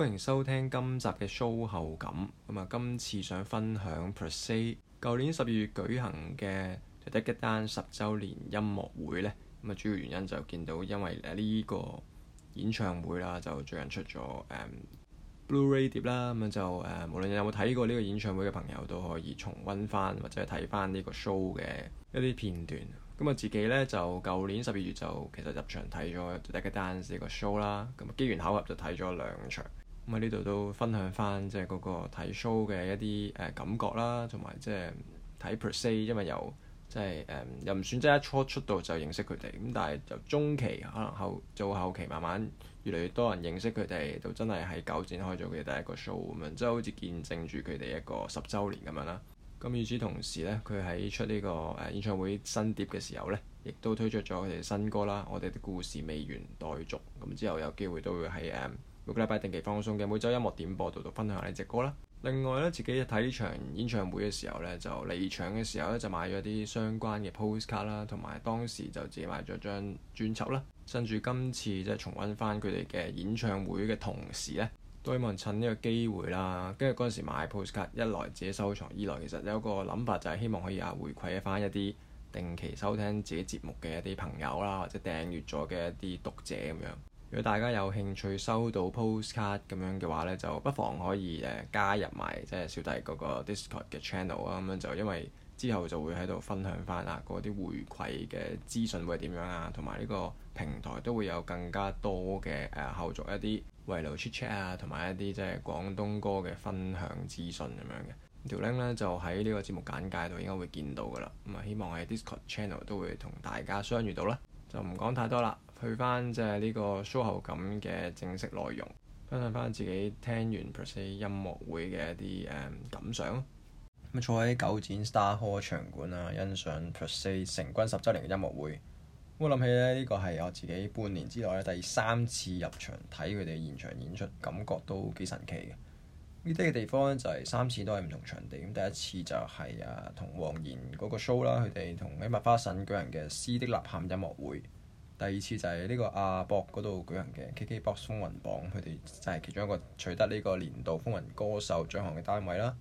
歡迎收聽今集嘅 show 後感。咁啊，今次想分享 per se 舊年十二月舉行嘅《the deca dance》十週年音樂會呢，咁啊，主要原因就見到因為呢個演唱會啦，就最近出咗 Blu-ray 啦。咁、um, 嗯、就誒、uh, 無論有冇睇過呢個演唱會嘅朋友，都可以重温翻或者睇翻呢個 show 嘅一啲片段。咁、嗯、啊，自己呢，就舊年十二月就其實入場睇咗《the deca dance》呢個 show 啦。咁機緣巧合就睇咗兩場。咁啊呢度都分享翻即係嗰個睇 show 嘅一啲誒感覺啦，同埋即係睇 per se 因為由即係誒又唔算即係一初出道就認識佢哋，咁但係就中期可能後到後期慢慢越嚟越多人認識佢哋，就真係喺九展開咗佢哋第一個 show 咁樣，即係好似見證住佢哋一個十週年咁樣啦。咁、嗯、與此同時呢，佢喺出呢個誒演唱會新碟嘅時候呢，亦都推出咗佢哋新歌啦。我哋嘅故事未完待續，咁之後有機會都會喺誒。嗯每個禮拜定期放送嘅每周音樂點播度度分享你呢隻歌啦。另外咧，自己睇呢場演唱會嘅時候咧，就離場嘅時候咧就買咗啲相關嘅 postcard 啦，同埋當時就自己買咗張專輯啦。趁住今次即係重溫翻佢哋嘅演唱會嘅同時咧，都希望趁呢個機會啦，跟住嗰陣時買 postcard，一來自己收藏，二來其實有一個諗法就係希望可以啊回饋翻一啲定期收聽自己節目嘅一啲朋友啦，或者訂閱咗嘅一啲讀者咁樣。如果大家有興趣收到 postcard 咁樣嘅話呢就不妨可以誒加入埋即係小弟嗰個 Discord 嘅 channel 啊。咁樣就因為之後就會喺度分享翻啊嗰啲回饋嘅資訊會點樣啊，同埋呢個平台都會有更加多嘅誒後續一啲圍爐 chit chat 啊，同埋一啲即係廣東歌嘅分享資訊咁樣嘅條 link 咧就喺呢個節目簡介度應該會見到噶啦。咁啊，希望喺 Discord channel 都會同大家相遇到啦。就唔講太多啦。去翻即係呢個 show 後咁嘅正式內容，分享翻自己聽完 Perse 音樂會嘅一啲誒、um, 感想咁，坐喺九展 Star Hall 場館啦，欣賞 Perse 成軍十周年嘅音樂會，我諗起咧呢個係我自己半年之內咧第三次入場睇佢哋現場演出，感覺都幾神奇嘅。u n 嘅地方咧就係三次都係唔同場地，咁第一次就係啊同王言嗰個 show 啦，佢哋同喺蜜花神巨人嘅《詩的吶喊》音樂會。第二次就係呢個亞博嗰度舉行嘅 K K Box 風雲榜，佢哋就係其中一個取得呢個年度風雲歌手獎項嘅單位啦。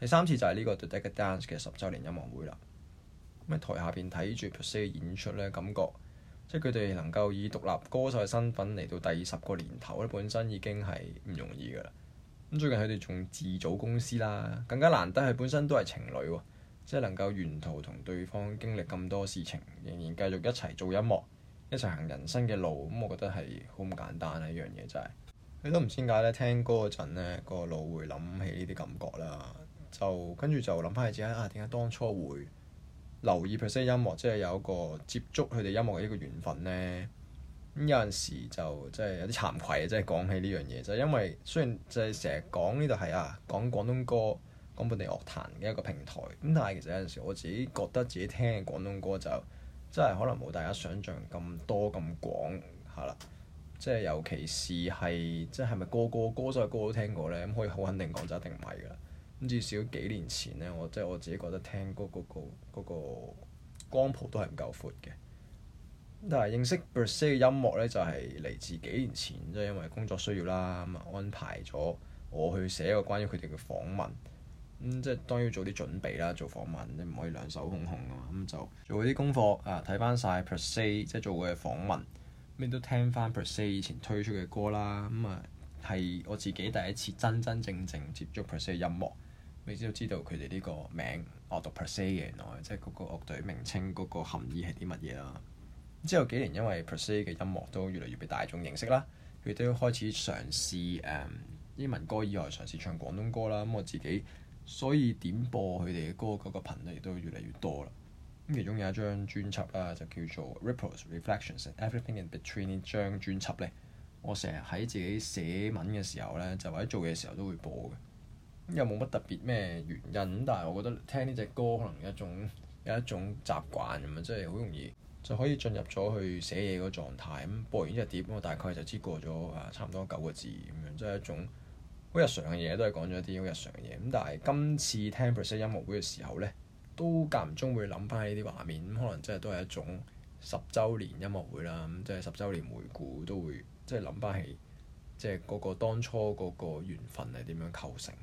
第三次就係呢個 the deca dance 嘅十週年音樂會啦。咁喺台下邊睇住 per se 嘅演出咧，感覺即係佢哋能夠以獨立歌手嘅身份嚟到第十個年頭咧，本身已經係唔容易噶啦。咁最近佢哋仲自組公司啦，更加難得係本身都係情侶，即係能夠沿途同對方經歷咁多事情，仍然繼續一齊做音樂。一齊行人生嘅路，咁我覺得係好唔簡單啊！呢樣嘢就係，你都唔知點解咧。聽歌嗰陣咧，個腦會諗起呢啲感覺啦，就跟住就諗翻起自己啊，點解當初會留意 per se 音樂，即係有一個接觸佢哋音樂嘅一個緣分咧。咁有陣時就即係有啲慚愧，即係講起呢樣嘢，就因為雖然就係成日講呢度係啊，講廣東歌、講本地樂壇嘅一個平台，咁但係其實有陣時我自己覺得自己聽廣東歌就～真係可能冇大家想象咁多咁廣係啦，即係尤其是係即係係咪個個歌手嘅歌都聽過呢？咁可以好肯定講就一定唔係㗎喇。咁至少幾年前呢，我即係我自己覺得聽嗰、嗰個個嗰、嗰個光譜都係唔夠闊嘅。但嗱認識 Bruce 嘅音樂呢，就係嚟自幾年前，即、就、係、是、因為工作需要啦，咁啊安排咗我去寫一個關於佢哋嘅訪問。嗯、即係當然要做啲準備啦，做訪問你唔可以兩手空空啊嘛。咁、嗯、就做啲功課啊，睇翻晒。per se 即係做過嘅訪問，咩都聽翻 per se 以前推出嘅歌啦。咁啊係我自己第一次真真正正接觸 per se 嘅音樂，亦都知道佢哋呢個名我、啊、讀 per se 原來，即係嗰個樂隊名稱嗰個含義係啲乜嘢啦。之後幾年因為 per se 嘅音樂都越嚟越被大眾認識啦，佢都開始嘗試誒、嗯、英文歌以外嘗試唱廣東歌啦。咁、嗯、我自己。所以點播佢哋嘅歌嗰個頻率亦都越嚟越多啦。咁其中有一張專輯啦，就叫做《Ripples Reflections and Everything in Between》，呢張專輯咧，我成日喺自己寫文嘅時候咧，就或者做嘢時候都會播嘅。咁又冇乜特別咩原因，但係我覺得聽呢隻歌可能有一種有一種習慣咁啊，即係好容易就可以進入咗去寫嘢個狀態。咁播完呢隻碟我大概就知過咗啊，差唔多九個字咁樣，即係一種。好日常嘅嘢都係講咗啲好日常嘅嘢，咁但係今次聽 per se 音樂會嘅時候咧，都間唔中會諗翻起呢啲畫面，咁可能真係都係一種十週年音樂會啦，咁即係十週年回顧都會即係諗翻起，即係嗰個，個當初嗰個緣分係點樣構成，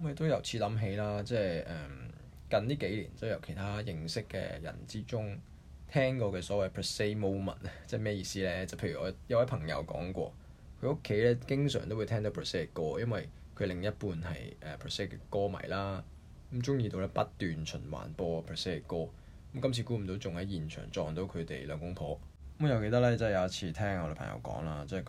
咁亦都由此諗起啦，即係誒、嗯、近呢幾年即係由其他認識嘅人之中聽過嘅所謂 per se moment，即係咩意思咧？就譬如我有位朋友講過，佢屋企咧經常都會聽到 per se 嘅歌，因為佢另一半係誒 per se 嘅歌迷啦，咁中意到咧不斷循環播 per se 嘅歌，咁今次估唔到仲喺現場撞到佢哋兩公婆。咁又記得咧，即係有一次聽我嘅朋友講啦，即係佢誒，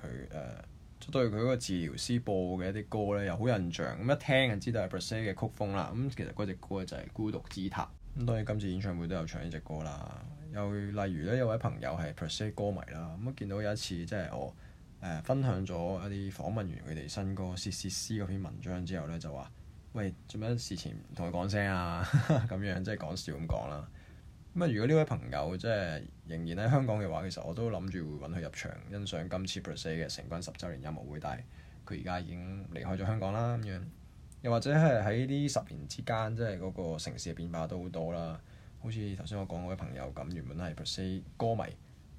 即係對佢嗰個治療師播嘅一啲歌咧，又好印象。咁一聽就知道係 per se 嘅曲風啦。咁其實嗰隻歌就係《孤獨之塔》。咁當然今次演唱會都有唱呢隻歌啦。又例如咧，有位朋友係 per se 歌迷啦，咁見到有一次即係我。誒分享咗一啲訪問完佢哋新歌《CCC》嗰篇文章之後咧，就話：喂，做咩事前唔同佢講聲啊？咁 樣即係講笑咁講啦。咁啊，如果呢位朋友即係仍然喺香港嘅話，其實我都諗住會揾佢入場欣賞今次 per se 嘅成軍十週年音樂會，但係佢而家已經離開咗香港啦。咁樣又或者係喺呢十年之間，即係嗰個城市嘅變化都好多啦。好似頭先我講嗰位朋友咁，原本係 per se 歌迷。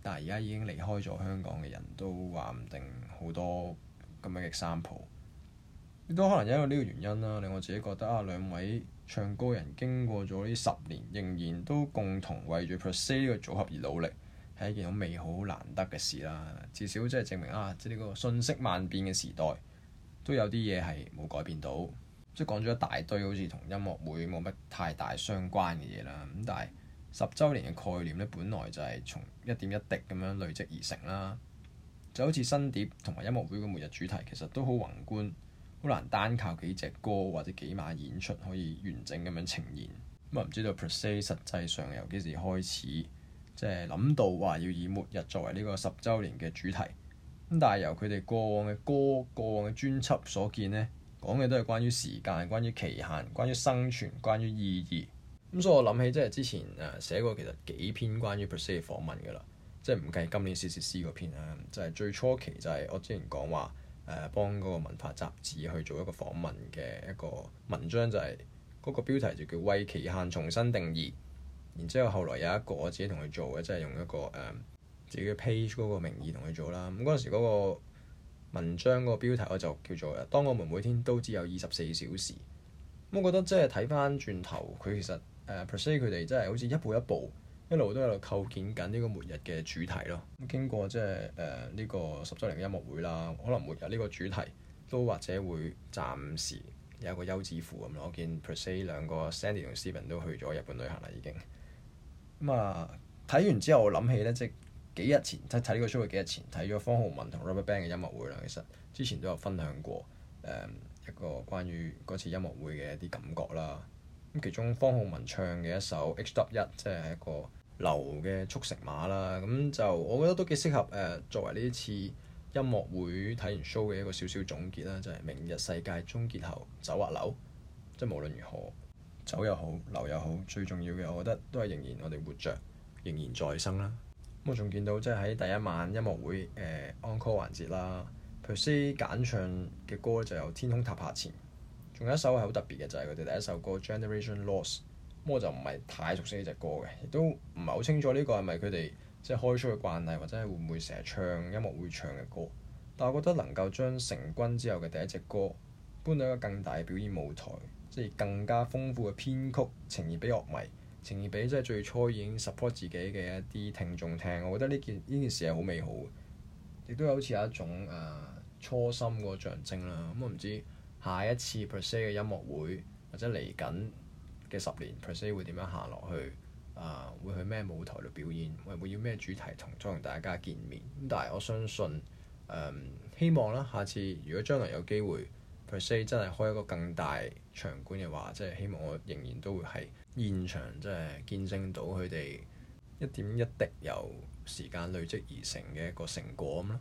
但係而家已經離開咗香港嘅人，都話唔定好多咁樣嘅例子，亦都可能因為呢個原因啦。令我自己覺得啊，兩位唱歌人經過咗呢十年，仍然都共同為住 per se 呢個組合而努力，係一件好美好難得嘅事啦。至少即係證明啊，即係呢個瞬息萬變嘅時代，都有啲嘢係冇改變到。即係講咗一大堆好似同音樂會冇乜太大相關嘅嘢啦。咁但係。十週年嘅概念咧，本來就係從一點一滴咁樣累積而成啦。就好似新碟同埋音樂會嘅末日主題，其實都好宏觀，好難單靠幾隻歌或者幾晚演出可以完整咁樣呈現。咁啊，唔知道 per se 實際上由幾時開始，即係諗到話要以末日作為呢個十週年嘅主題。咁但係由佢哋過往嘅歌、過往嘅專輯所見呢，講嘅都係關於時間、關於期限、關於生存、關於意義。咁所以我諗起即係之前誒、啊、寫過其實幾篇關於 per se 嘅訪問㗎啦，即係唔計今年薛薛詩嗰篇啦、啊，就係、是、最初期就係我之前講話誒、啊、幫嗰個文化雜誌去做一個訪問嘅一個文章，就是，就係嗰個標題就叫為期限重新定義。然之後後來有一個我自己同佢做嘅，即、就、係、是、用一個誒、啊、自己嘅 page 嗰個名義同佢做啦。咁嗰陣時嗰個文章嗰個標題我就叫做當我們每天都只有二十四小時。咁我覺得即係睇翻轉頭，佢其實～誒 per se，佢哋真係好似一步一步，一路都喺度構建緊呢個末日嘅主題咯。咁經過即係誒呢個十周年嘅音樂會啦，可能末日呢個主題都或者會暫時有一個休止符咁、嗯、我見 per se 兩個 Sandy 同 Steven 都去咗日本旅行啦，已經。咁、嗯、啊，睇完之後我諗起咧，即係幾日前即睇呢個 show 嘅幾日前睇咗方浩文同 RubberBand 嘅音樂會啦。其實之前都有分享過誒、嗯、一個關於嗰次音樂會嘅一啲感覺啦。咁其中方浩文唱嘅一首《HW 一》，即係一個流嘅速食馬啦。咁就我覺得都幾適合誒、呃、作為呢一次音樂會睇完 show 嘅一個小小總結啦。就係、是、明日世界終結後走或留，即係無論如何走又好留又好，最重要嘅我覺得都係仍然我哋活着仍然在生啦。咁我仲見到即係喺第一晚音樂會誒 encore、呃、環節啦，per se 簡唱嘅歌就由《天空塔下前》。仲有一首係好特別嘅，就係佢哋第一首歌《Generation Lost》。咁我就唔係太熟悉呢隻歌嘅，亦都唔係好清楚呢、呢個係咪佢哋即係開出嘅慣例，或者係會唔會成日唱音樂會唱嘅歌。但我覺得能夠將成軍之後嘅第一隻歌搬到一個更大嘅表演舞台，即係更加豐富嘅編曲呈現畀樂迷，呈現畀即係最初已經 support 自己嘅一啲聽眾聽，我覺得呢件呢件事係好美好，亦都好有好似一種誒、啊、初心個象徵啦。咁、嗯、我唔知。下一次 per se 嘅音樂會，或者嚟緊嘅十年 per se 會點樣行落去？啊、呃，會去咩舞台度表演？會唔會要咩主題同再同大家見面？但係我相信，誒、呃、希望啦，下次如果將來有機會 per se 真係開一個更大場館嘅話，即、就、係、是、希望我仍然都會係現場即係見證到佢哋一點一滴由時間累積而成嘅一個成果咁咯。